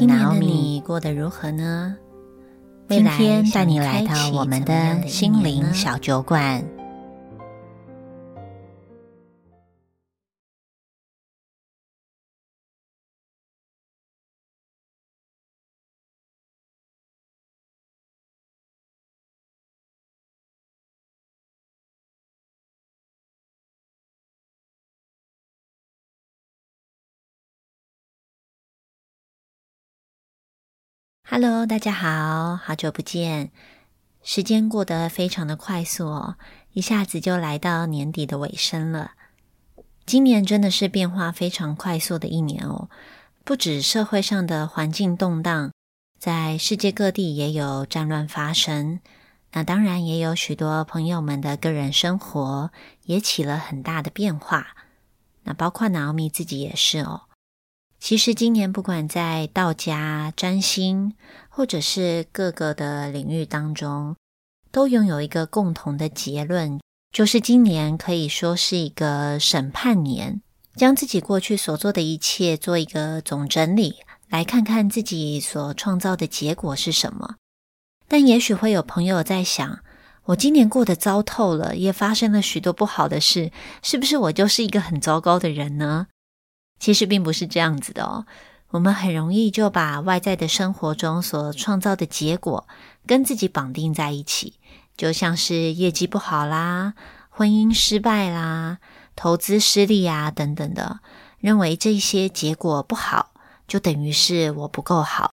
今年的你過得如何呢？今天帶你來到我們的心靈小酒館。Hello，大家好，好久不見，時間過得非常的快速哦，一下子就來到年底的尾聲了。今年真的是變化非常快速的一年哦，不止社會上的環境動盪，在世界各地也有戰亂發生，那當然也有許多朋友們的個人生活也起了很大的變化，那包括呢，Naomi 自己也是哦。其實今年不管在道家、占星，或者是各個的領域當中，都擁有一個共同的結論，就是今年可以說是一個審判年，將自己過去所做的一切做一個總整理，來看看自己所創造的結果是什麼。但也許會有朋友在想，我今年過得糟透了，也發生了許多不好的事，是不是我就是一個很糟糕的人呢？其實並不是這樣子的哦，我們很容易就把外在的生活中所創造的結果跟自己綁定在一起，就像是業績不好啦、婚姻失敗啦、投資失利啊等等的，認為這些結果不好，就等於是我不夠好。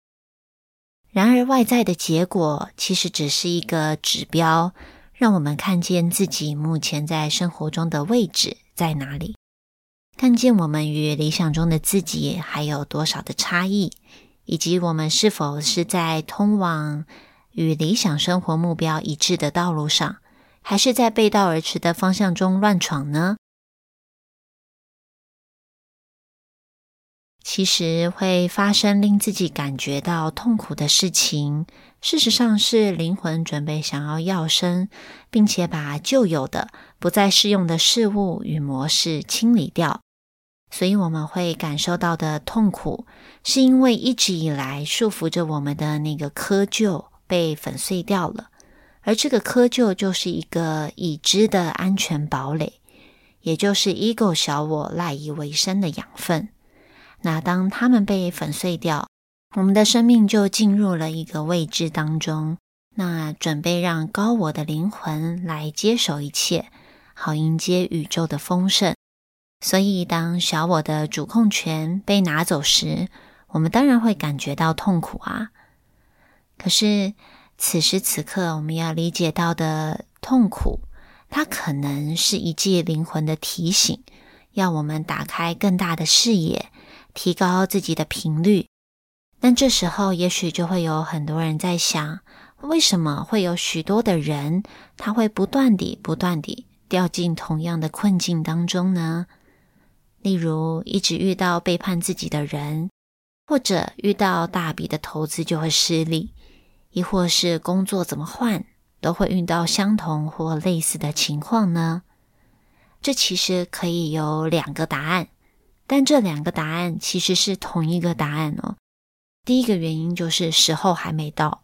然而，外在的結果其實只是一個指標，讓我們看見自己目前在生活中的位置在哪裡。看見我們與理想中的自己還有多少的差異，以及我們是否是在通往與理想生活目標一致的道路上，還是在背道而馳的方向中亂闖呢？其實會發生令自己感覺到痛苦的事情，事實上是靈魂準備想要躍升，並且把舊有的、不再適用的事物與模式清理掉。所以我們會感受到的痛苦，是因為一直以來束縛着我們的那個窠臼被粉碎掉了，而這個窠臼就是一個已知的安全堡壘，也就是 ego 小我賴以為生的養分。那當它們被粉碎掉，我們的生命就進入了一個未知當中，那準備讓高我的靈魂來接手一切，好迎接宇宙的豐盛。所以，當小我的主控權被拿走時，我們當然會感覺到痛苦啊。可是，此時此刻我們要理解到的痛苦，它可能是一劑靈魂的提醒，要我們打開更大的視野，提高自己的頻率。但這時候，也許就會有很多人在想：為什麼會有許多的人，他會不斷地、不斷地掉進同樣的困境當中呢？例如，一直遇到背叛自己的人，或者遇到大筆的投資就會失利，亦或是工作怎麼換，都會遇到相同或類似的情況呢？這其實可以有兩個答案，但這兩個答案其實是同一個答案哦。第一個原因就是時候還沒到，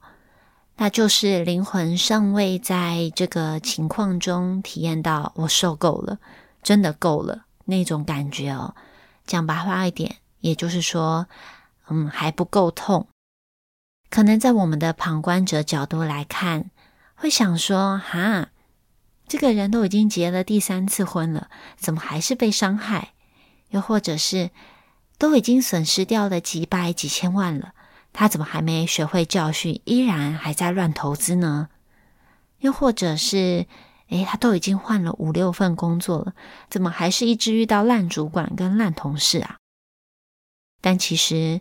那就是靈魂尚未在這個情況中體驗到我受夠了，真的夠了。那種感覺哦，講白話一點，也就是說，嗯，還不夠痛。可能在我們的旁觀者角度來看，會想說，哈，這個人都已經結了第三次婚了，怎麼還是被傷害？又或者是都已經損失掉了幾百、幾千萬了，他怎麼還沒學會教訓，依然還在亂投資呢？又或者是，哎，他都已經換了五六份工作了，怎麼還是一直遇到爛主管跟爛同事啊？但其實，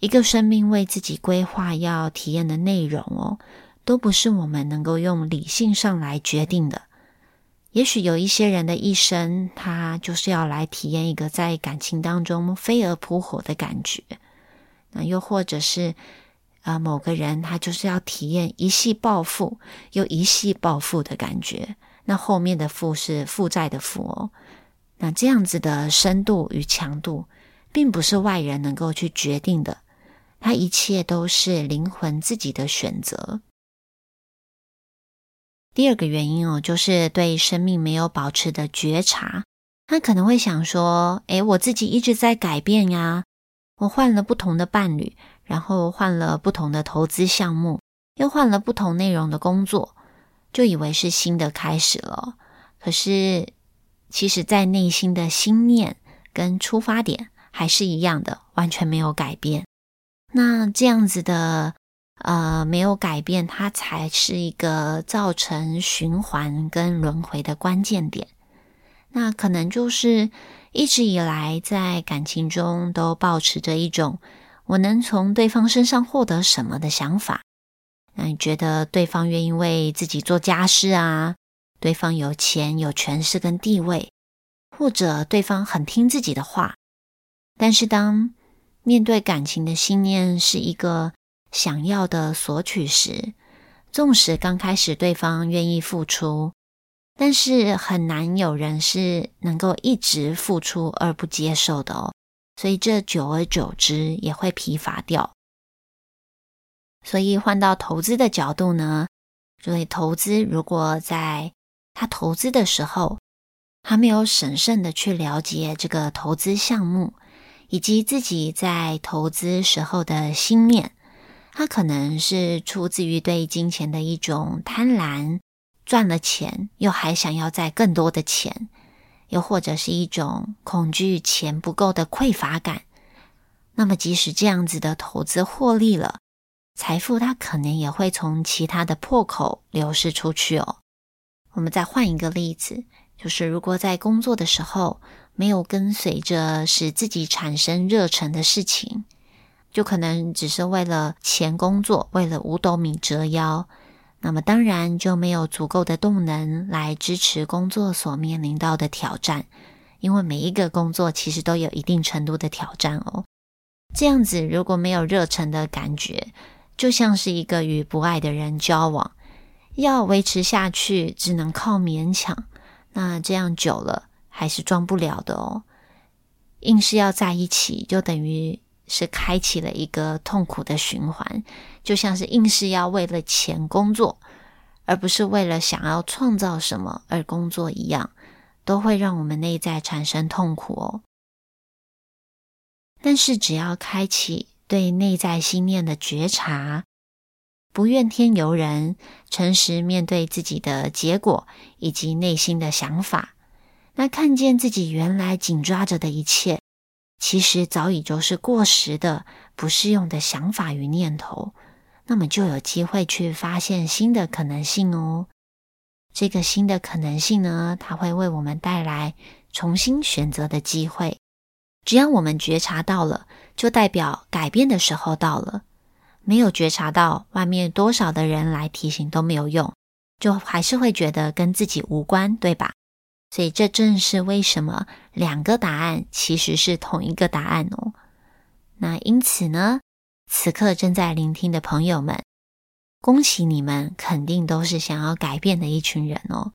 一個生命為自己規劃要體驗的內容哦，都不是我們能夠用理性上來決定的。也許有一些人的一生，他就是要來體驗一個在感情當中飛蛾撲火的感覺，那又或者是……啊、呃，某個人他就是要體驗一夕暴富又一夕暴富的感覺，那後面的“富”是負債的“負”哦。那這樣子的深度與強度，並不是外人能夠去決定的，他一切都是靈魂自己的選擇。第二個原因哦，就是對生命沒有保持的覺察，他可能會想說：“誒，我自己一直在改變呀，我換了不同的伴侶。”然後換了不同的投資項目，又換了不同內容的工作，就以為是新的開始了。可是，其實，在內心的心念跟出發點還是一樣的，完全沒有改變。那這樣子的，呃，沒有改變，它才是一個造成循環跟輪迴的關鍵點。那可能就是一直以來在感情中都抱持著一種我能從對方身上獲得什麼的想法，那你覺得對方願意為自己做家事啊，對方有錢有權勢跟地位，或者對方很聽自己的話。但是當面對感情的信念是一個想要的索取時，縱使剛開始對方願意付出，但是很難有人是能夠一直付出而不接受的哦。所以這久而久之也會疲乏掉。所以換到投資的角度呢，所以投資如果在他投資的時候，他沒有審慎的去了解這個投資項目，以及自己在投資時候的心念，他可能是出自於對金錢的一種貪婪，賺了錢又還想要再更多的錢。又或者是一種恐懼錢不夠的匱乏感，那麼即使這樣子的投資獲利了，財富它可能也會從其他的破口流失出去哦。我們再換一個例子，就是如果在工作的時候沒有跟隨着使自己產生熱忱的事情，就可能只是為了錢工作，為了五斗米折腰。那麼當然就沒有足夠的動能來支持工作所面臨到的挑戰，因為每一個工作其實都有一定程度的挑戰哦。這樣子如果沒有熱忱的感覺，就像是一個與不愛的人交往，要維持下去只能靠勉強。那這樣久了還是裝不了的哦，硬是要在一起，就等於。是開啟了一個痛苦的循環，就像是硬是要為了錢工作，而不是為了想要創造什麼而工作一樣，都會讓我們內在產生痛苦哦。但是只要開啟對內在心念的覺察，不怨天尤人，誠實面對自己的結果以及內心的想法，那看見自己原來緊抓着的一切。其實早已就是過時的、不適用的想法與念頭，那麼就有機會去發現新的可能性哦。這個新的可能性呢，它會為我們帶來重新選擇的機會。只要我們覺察到了，就代表改變的時候到了。沒有覺察到，外面多少的人來提醒都沒有用，就還是會覺得跟自己無關，對吧？所以，這正是為什麼兩個答案其實是同一個答案哦。那因此呢，此刻正在聆聽的朋友們，恭喜你們，肯定都是想要改變的一群人哦。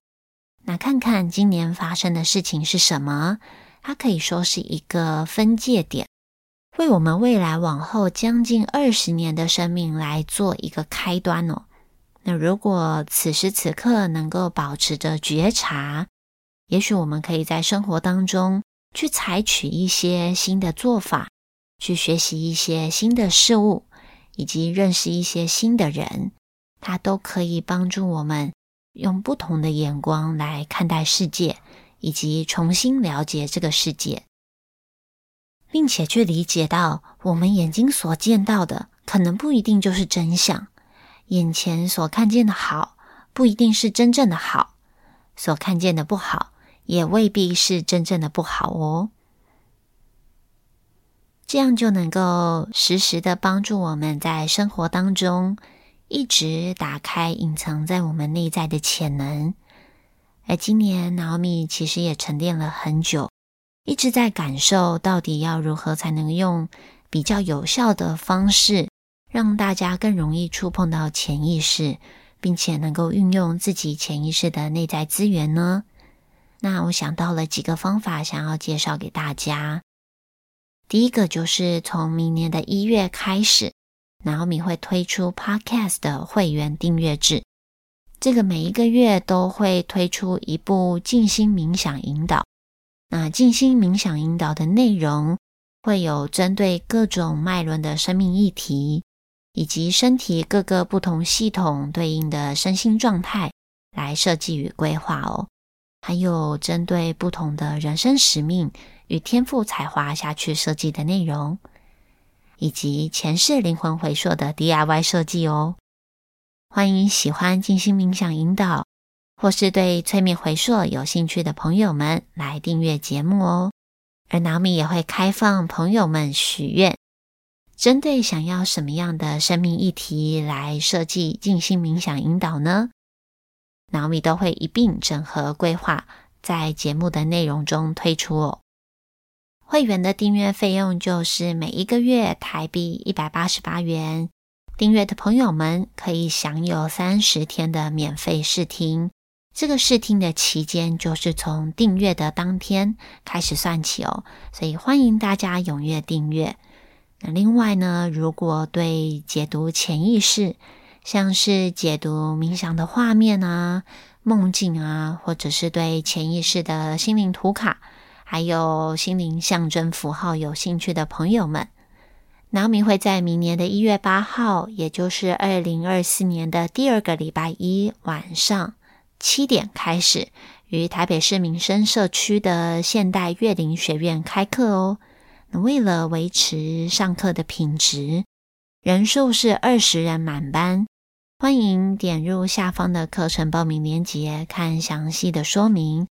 那看看今年發生的事情是什麼？它可以說是一個分界點，為我們未來往後將近二十年的生命來做一個開端哦。那如果此時此刻能夠保持着覺察，也許我們可以在生活當中去採取一些新的做法，去學習一些新的事物，以及認識一些新的人，它都可以幫助我們用不同的眼光來看待世界，以及重新了解這個世界，並且去理解到我們眼睛所見到的可能不一定就是真相，眼前所看見的好不一定是真正的好，所看見的不好，也未必是真正的不好哦，這樣就能夠實時的幫助我們在生活當中一直打開隱藏在我們內在的潛能。而今年，Naomi 其實也沉澱了很久，一直在感受到底要如何才能用比較有效的方式，讓大家更容易觸碰到潛意識，並且能夠運用自己潛意識的內在資源呢？那我想到了幾個方法，想要介紹給大家。第一個就是從明年的一月開始，然後你會推出 Podcast 的會員訂閱制。這個每一個月都會推出一部靜心冥想引導。那靜心冥想引導的內容會有針對各種脈輪的生命議題，以及身體各個不同系統對應的身心狀態來設計與規劃哦。還有針對不同的人生使命與天賦才華下去設計的內容，以及前世靈魂回溯的 DIY 設計哦。歡迎喜歡靜心冥想引導，或是對催眠回溯有興趣的朋友們來訂閱節目哦。而娜米也會開放朋友們許願，針對想要什麼樣的生命議題來設計靜心冥想引導呢？腦米都會一併整合規劃，在節目的內容中推出哦。會員的訂閱費用就是每一個月台幣一百八十八元，訂閱的朋友們可以享有三十天的免費試聽。這個試聽的期間就是從訂閱的當天開始算起哦，所以歡迎大家踴躍訂閱。那另外呢，如果對解讀潛意識，像是解讀冥想的畫面啊、夢境啊，或者是對潛意識的心靈圖卡，還有心靈象徵符號有興趣的朋友們，囊明會在明年的一月八號，也就是二零二四年的第二個禮拜一晚上七點開始，於台北市民生社區的現代樂齡學院開課哦。為了維持上課的品質，人數是二十人滿班。歡迎點入下方的課程報名連結，看詳細的說明。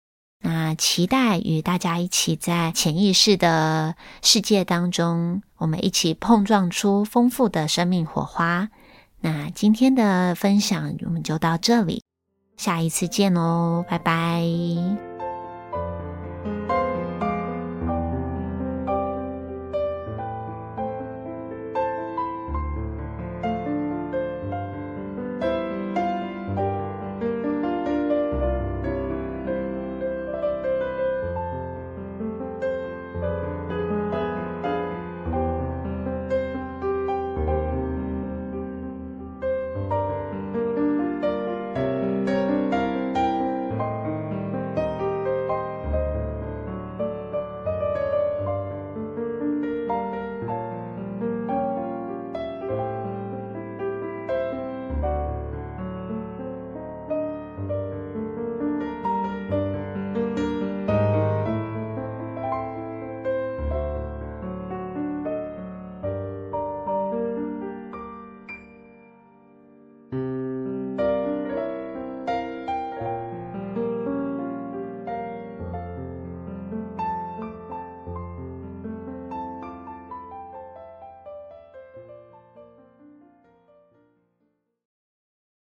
那期待與大家一起在潛意識的世界當中，我們一起碰撞出豐富的生命火花。那今天的分享，我們就到這裡，下一次見嘍、哦，拜拜。